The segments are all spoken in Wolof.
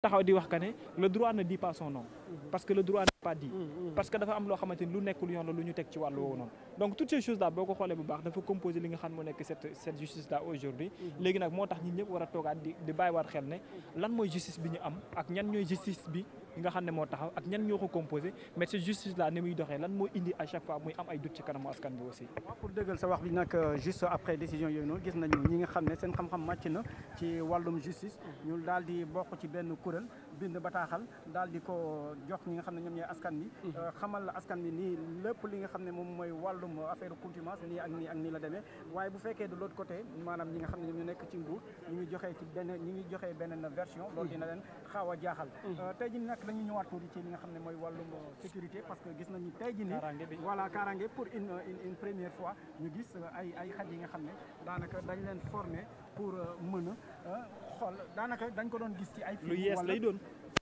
taxaw di wax que ne le droit ne dit pas son nom parce que le droit pas dit. Mm, mm. parce que dafa am loo xamante lu nekkul lu ñu teg ci wàllu woowu donc toutes ces choses là boo ko xoolee bu baax dafa composé li nga xam moo nekk cette cette justice là aujourd'hui mm-hmm. léegi moo tax ñun ñëpp war a toogaat di di bàyyiwaat xel ne lan mooy justice bi ñu am ak ñan ñooy justice bi. yi nga xam ne moo indi à chaque fois muy am ay doute ci kanamu askan bi aussi. pour dëggal sa wax bi nag euh, juste après décision yooyu noonu gis nañu ñi nga xam ne seen xam-xam màcc na ci wàllum justice. Mm. ñu daal di bokk bind bataaxal daal di ko jox ñi nga xam ne ñoom ñooy askan bi mhm. euh, xamal askan bi nii lépp li nga xam ne moom mooy wàllum affaire contumace nii ak nii ak la demee waaye bu fekkee de l'autre côté maanaam ñi nga xam ne ñoom ñu nekk ci nguur ñi ngi joxee ci benn ñi version mhm. loolu dina leen xaaw a jaaxal mhm. euh, tey ji nag dañu ñëwaat tuuti ci li nga xam ne mooy wàllum sécurité parce que gis nañu tey ji ni voilà kaaraange pour une première fois ñu gis euh, ay xaj yi nga xam ne daanaka dañ leen former pour mën xool daanaka dañ ko doon gis ci ay. lu yees lay doon.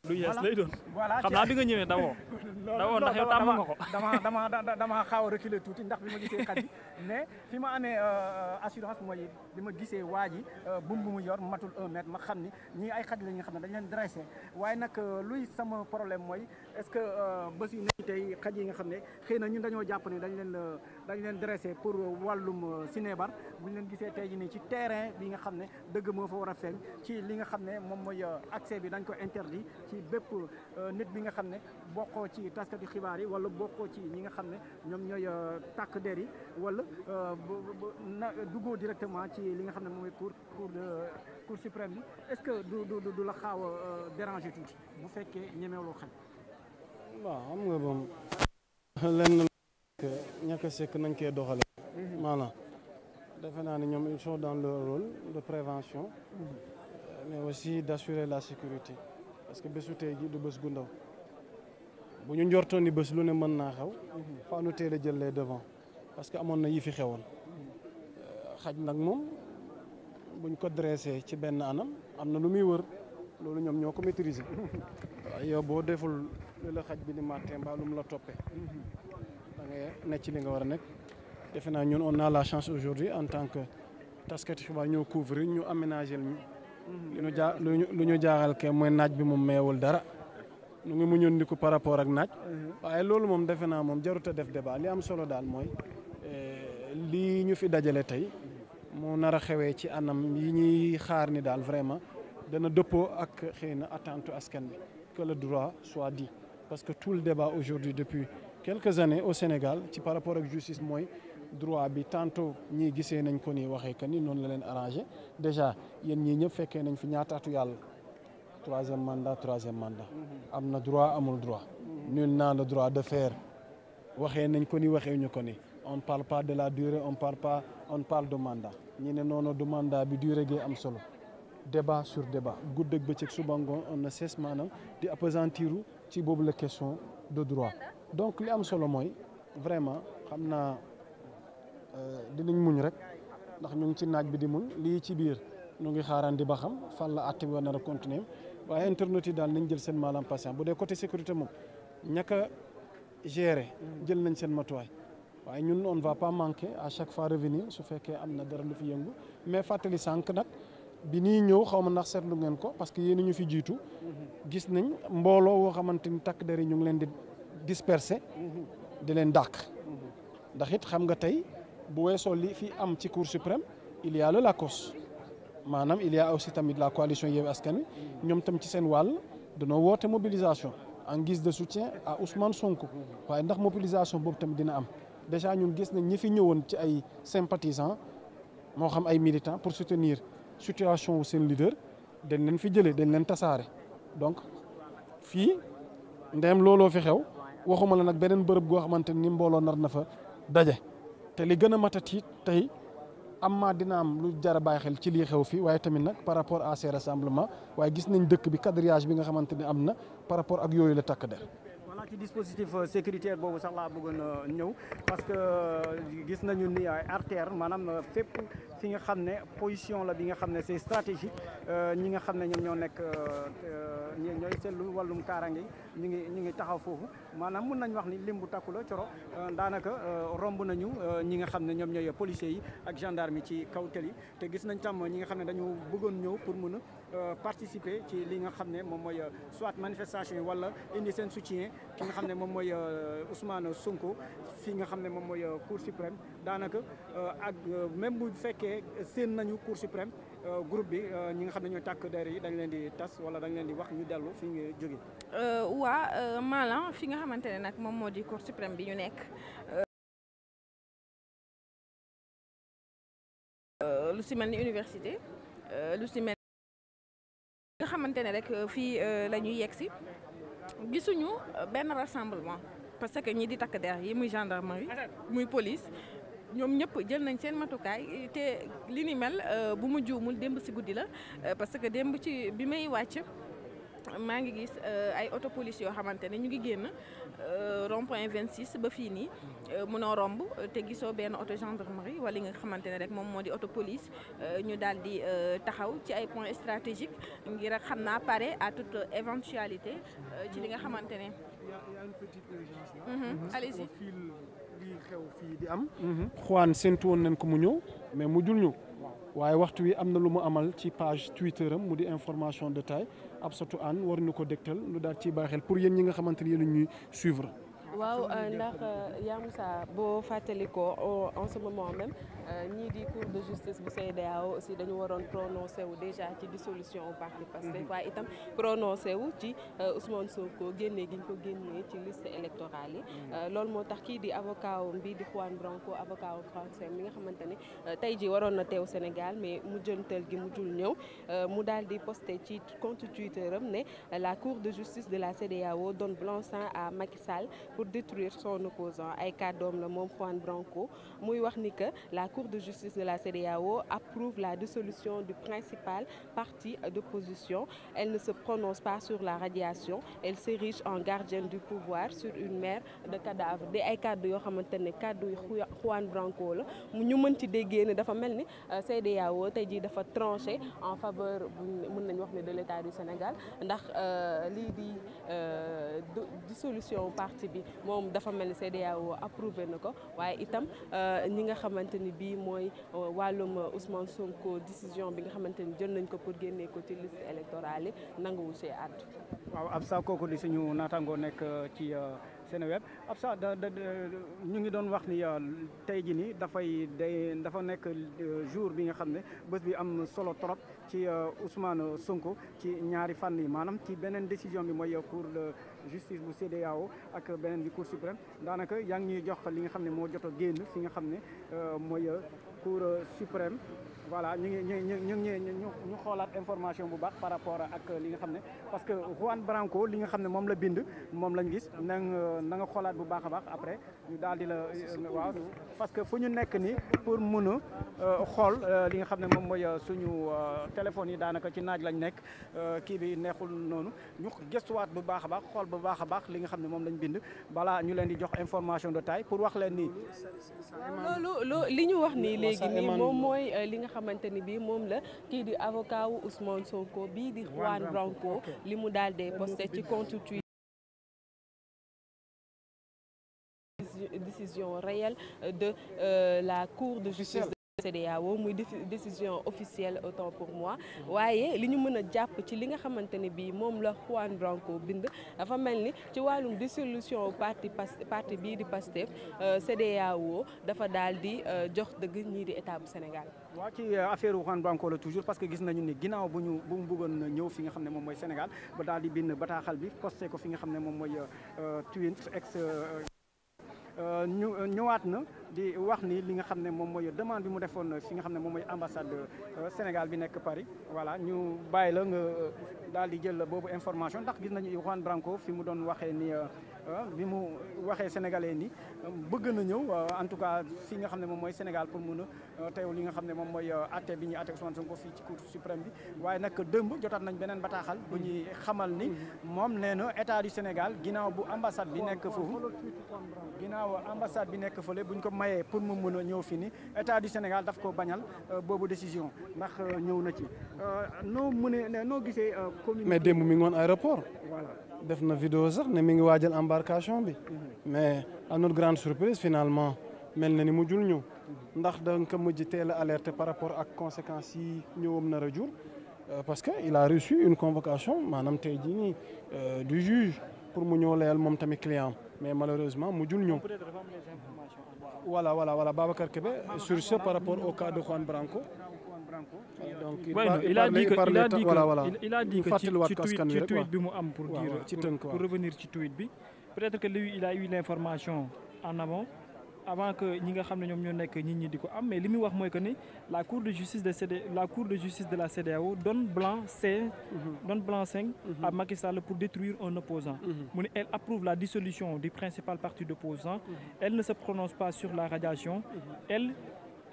lu yees lay doon. voilà xam naa bi nga ñëwee dawoo. dawoo ndax yow tàmm nga ko. dama dama dama xaaw a reculer tuuti ndax bi ma gisee xaj yi mais fi ma amee euh, euh, assurance mooy bi ma gisee waa ji euh, bum bu mu yor matul un mètre ma xam ni ñii ay xaj la ñi xam ne dañ leen dressé waaye nag luy sama problème mooy. est-ce que euh, bés yi nañ tey xaj yi nga xam ne xëy na ñun dañoo jàpp ne dañ leen euh, dañ leen dressé pour wàllum euh, cinébar bu ñu leen gisee tey ji nii ci terrain bi nga xam ne dëgg moo fa war a feeñ ci li nga xam ne moom mooy accès bi dañ ko interdit ci bépp nit bi nga xam ne bokkoo ci taskati xibaar yi wala bokkoo ci ñi nga xam ne ñoom ñooy tàkk der yi wala na duggoo directement ci li nga xam ne moom mooy cour cour de cour suprême bi est-ce que du du du la xaaw a déranger tuuti bu fekkee ñemewloo xel waaw xam nga moom lenn ñàkk a sekk nañ koy doxale maanaam defe naa ne ñoom ils sont dans le rôle de prévention mais aussi d'assurer la sécurité parce que bésu tey du bés gu ndaw bu ñu njortoon ni bés lu ne mën naa xew mhm. faaw nu teel a jël les devant parce que amoon na yi fi xewoon mhm. xaj nag moom buñ ko dressé ci benn anam am na lu muy wër loolu ñoom ñoo ko maîtriser waaw yow boo deful li la xaj bi ni màtte mbaa la toppe da ci li nga war a nekk defe naa ñun on a la chance aujourd'hui en tant que taskati xibaar ñoo couvrir ñu aménager ñu lu ñu jaa lu ñu jaaxal ke mooy naaj bi moom meewul dara ñu ngi muñoon ndiku par rapport ak naaj waaye loolu moom defe naa moom jarut a def débat li am solo daal mooy eh, li ñu fi dajale tey mu nar a xewee ci anam yi ñuy xaar ni daal vraiment dana dëppoo ak xëy na attente askan bi que le droit soit di parce que tout le débat aujourd'hui depuis quelques années au Sénégal ci par rapport ak justice mooy droit bi tantôt ñii gisee nañ ko nii waxee que ni noonu la leen arrangé déjà yéen ñii ñëpp fekkee nañ fi ñaataatu yàlla troisième mandat troisième mandat mm-hmm. am na droit amul droit mm-hmm. nul naa le droit de faire waxee nañ ko ni waxee ñu ko ni on parle pas de la durée on parle pas on parle de mandat ñi ne noonu du bi durée gi am solo débat sur débat guddeeg bëccëg suba ngoon on ne cesse maanaam di appesantiru ci boobu la question de droit donc li am solo mooy vraiment xam naa euh, dinañ muñ rek ndax ñu ngi ci naaj bi di muñ lii ci biir ñu ngi xaaraan di ba xam fan la àtte na war waaye internet yi daal nañ jël seen maanaam patient bu dee côté sécurité moom ñàkk a gérer jël nañ seen matuwaay waaye ñun on va pas manquer à chaque fois revenir su fekkee am na dara lu fi yëngu mais fàttali sànq nag. bi nii ñëw xaw ma ndax seetlu ngeen ko parce que yéen ñu fi jiitu gis nañ mbooloo woo xamante ni takk der yi ñu leen di disperser di leen dàq ndax it xam nga tey bu weesoo li fi am ci cour suprême il y a le LACOS maanaam il y aussi tamit la coalition Yewwi Askan Wi ñoom tam ci seen wàll danoo woote mobilisation en gis de soutien à Ousmane Sonko waaye ndax mobilisation boobu tamit dina am déjà ñun gis nañ ñi fi ñëwoon ci ay sympathisants moo xam ay militants pour soutenir situation wu seen leader dañ leen fi jëlee dañ leen tasaare donc fii ndem looloo fi xew waxuma la nag beneen bërëb goo xamante ni mbooloo nar na fa daje te li gën a matati tey am maa dina am lu jar a bàyyi xel ci lii xew fii waaye tamit nag par rapport à ces rassemblements waaye gis nañ dëkk bi quadrillage bi nga xamante ni am na par rapport ak yooyu la takk der ci dispositif euh, sécuritaire boobu sax laa bëggoon euh, ñëw parce que euh, gis nañu ni artère maanaam fépp fi nga xam ne position la bi nga xam ne c'est stratégique ñi nga xam ne ñoom ñoo nekk ñooy seetlu wàllum kaaraange ñu ngi ñu ngi taxaw foofu maanaam mun nañ wax ni lim bu takku la coro daanaka romb nañu ñi nga xam ne ñoom ñooy policiers yi ak gendarme yi ci kaw yi te gis nañ tam ñi nga xam ne dañu bëggoon ñëw pour mun Euh, participer ci lii nga xam ne moom mooy euh, soit manifestation yi wala indi seen soutien ki nga xam ne moom mooy euh, Ousmane Sonko fi nga xam ne moom mooy Cour suprême daanaka ak même bu fekkee seen nañu Cour suprême groupe bi ñi nga xam ne ñooy tàkk der yi dañ leen di tas wala dañ leen di wax ñu dellu fi nga jóge waa Malang fi nga xamante ne nag moom moo di Cour suprême bi ñu nekk lu si mel ni université lu si xamante ne rek euh, fii euh, la ñuy yegg si gisuñu euh, benn rassemblement parce que ñi di takk der yi muy gendarmerie muy police ñoom ñëpp jël nañ seen matukaay te li ni mel bu mu juumul démb si guddi la parce que démb ci bi may wàcc maa ngi gis ay auto yoo xamante ne ñu ngi génn Euh, rond vingt 26 ba fii nii euh, mënoo romb te gisoo benn auto gendarmerie wala li nga xamante ne rek moom moo di auto police euh, ñu daal di taxaw ci ay point stratégiques ngir xam naa pare à toute éventualité ci li nga xamante ne. y a une petite urgence là. allez-y. di am. Mm-hmm. Juan séntu woon nañ ko mu ñëw mais mujjul ñëw. waaye waxtu wi am na lu mu amal ci page Twitter am mu di information de taille Absatou Anne war ñu ko dégtal lu daal ci baaxel pour yéen ñi nga xamante ni yéen ñuy suivre. waaw euh, ndax euh, Yaa Moussa boo fàttalikoo en ce moment Euh, ñii di cour de justice bu CEDEAO aussi dañu waroon prononcé wu déjà ci dissolution au parti Pastef mhm. waaye itam prononcé wu ci euh, Ousmane ko génnee gi ñu ko génnee ci list électorale yi mhm. euh, loolu moo tax kii di avocat wam bi di Juan Branco avocat wu français mi nga xamante ne tey ji waroon na teew Sénégal mais mu jëntal gi mu jul ñëw mu daal di posté ci compte Twitter am ne la cour de justice de la CEDEAO donne blanc-seing à Macky Sall pour détruire son opposant ay kàddoom la moom Juan Branco Cour de justice de la CEDEAO approuve la dissolution du principal parti d'opposition. Elle ne se prononce pas sur la radiation. Elle s'érige en gardienne du pouvoir sur une mer de cadavres di ay kàddu yoo xamante ne kàddu yu Juan Branco la mu ñu mën ci déggee ne dafa mel ni euh, CEDEAO tey jii dafa tranché en faveur mën nañu wax ne de l'État du Sénégal ndax euh, lii di euh, dissolution parti bi moom dafa mel ni CEDEAO approuvé na ko waaye itam ñi nga xamante bi mooy euh, wàllum euh, Ousmane Sonko décision bi nga xamante ni jël nañ ko pour génnee ko ci liste électorale yi nanguwu see àddu. waaw ab sa kooku di suñu naataangoo nekk euh, ci. Seneweb Absa ñu ngi doon wax ni euh, tey ji ni dafay day dafa nekk euh, jour bi nga xam ne bës bi am solo trop ci euh, Ousmane Sonko ci ñaari fànn yi maanaam ci beneen décision bi mooy cour de justice bu CEDEAO ak beneen bi cour suprême daanaka yaa ngi ñuy jox li nga xam ne moo jot a génn si nga xam ne mooy cour suprême voilà ñu ngi ñu ñu ñu ñu xoolaat information bu baax par rapport ak li nga xam ne parce que Juan Branco li nga xam ne moom la bind moom lañ gis na na nga xoolaat bu baax a baax après ñu daal di la waaw parce que fu ñu nekk nii pour mun euh, xool euh, li nga xam ne moom mooy euh, suñu téléphone yi daanaka ci naaj lañ nekk kii bi neexul noonu ñu gëstuwaat bu baax a baax xool bu baax a baax li nga xam ne moom lañ bind bala ñu leen di jox information de taille pour wax leen nii. li ñu xamante ni bii moom la kii di avocat wu Ousmane Sonko bii di Juan Branco li mu daal dee posté ci compte décision réelle de euh, la Cour de justice CEDEAO muy décision officielle autant pour moi waaye li ñu mën a jàpp ci li nga xamante ne bii moom la Juan Branco bind dafa mel ni ci wàllum dissolution parti pas parti bii di PASTEF euh, CEDEAO dafa daal di euh, jox dëgg ñiiri di état bu Sénégal. waa ci euh, affaire Juan Branco la toujours parce que gis nañu ni ginnaaw bu ñu bu mu ñëw fi nga xam ne moom mooy Sénégal ba daal di bind bataaxal bi posté ko fi nga xam ne moom mooy Twitter ex ñu ñëwaat na. di wax ni li nga xam ne moom mooy demand bi mu defoon fi nga xam ne moom mooy ambassade euh, Sénégal bi nekk Paris voilà ñu bàyyi la nga euh, daal di jël boobu information ndax gis nañu Juan Branco fi mu doon waxee ni euh, bi mu waxee sénégalais ni bëgg na ñëw en tout cas fi nga xam ne moom mooy Sénégal pour mun a teew li nga xam ne moom mooy ate bi ñuy atte Ousmane Sonko fii ci cour suprême bi waaye nag démb jotaat nañ beneen bataaxal bu ñuy xamal ni moom nee na état du Sénégal ginnaaw bu ambassade bi nekk foofu ginnaaw ambassade bi nekk fële buñ mayee pour mu mën a ñëw fi ni état du Sénégal daf ko bañal euh, boobu décision ndax euh, ñëw na ci euh, noo mënee noo gisee commune mais démb mi ngi woon aéroport def na vidéo sax ne mi ngi waajal embarcation bi mhm. mais à notre grande surprise finalement mel na ni mu jul ñëw ndax da nga ko mujj teel a par rapport ak conséquences yi ñëwam na a parce que il a reçu une convocation maanaam tey jii nii du juge pour mu ñëw layal moom tamit client mais malheureusement mujjul ñëw. voilà voilà voilà Babacar Kébé sur ce par rapport au cas de Juan Branco. donc il a dit que il a dit que il a dit bi mu am pour dire pour revenir ci tweet bi peut-être que lui il a en amont. avant que ñi nga xam ne ñoom ñoo nekk nit ñi di ko am mais li muy wax mooy que ni la cour de justice de CD la cour la CEDEAO donne blanc-seing mhm. donne blanc-seing mhm. à Macky Sall pour détruire un opposant mhm. mu ne elle approuve la dissolution du principal parti d'opposant elle ne se prononce pas sur la radiation elle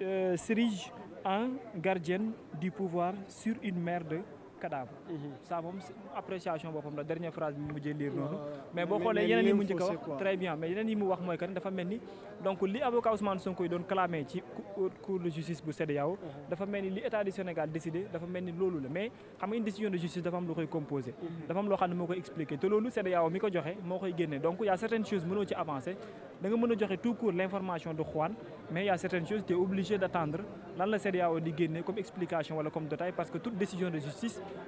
euh, s'érige en gardienne du pouvoir sur une mer de cadavre mhm. moom appréciation boppam la dernière phrase bi mu mujjee lire noonu mais boo xoolee yeneen mu njëkk a wax très bien mais yeneen mu wax mooy kan dafa mel ni donc li avocat Ousmane Sonko doon clamé ci euh, de justice bu CEDEAO mhm. dafa mel ni li état du Sénégal décidé dafa mel ni loolu la mais xam nga décision de justice dafa am lu koy composé mhm. dafa am loo xam ne moo koy expliqué te loolu CEDEAO mi ko joxe moo koy génne donc y a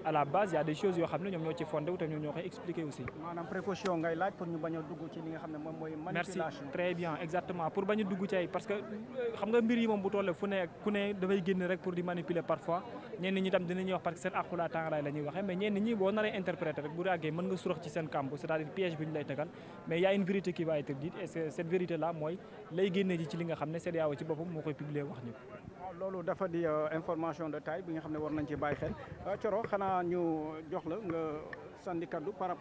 à la base y a des yoo xam ne ñoom ñoo ci fondé wu te ñoom ñoo koy expliqué aussi. maanaam précaution ngay laaj pour ñu bañ a dugg ci li nga xam ne merci très bien exactement pour bañ a dugg ci ay parce que xam nga mbir yi moom bu tollee fu ne ku ne dafay génn rek pour di manipuler parfois ñenn ñi tam dinañuy wax parce que seen aqula tàngalaay waxee mais ñenn ñi boo naree interpréter rek bu nga surax ci seen camp c'est-à-dire piège bi a une loolu dafa di euh, information de taille bi nga xam ne war nañ ci baay xel Coro euh, xanaa ñu jox la nga sànni kaddu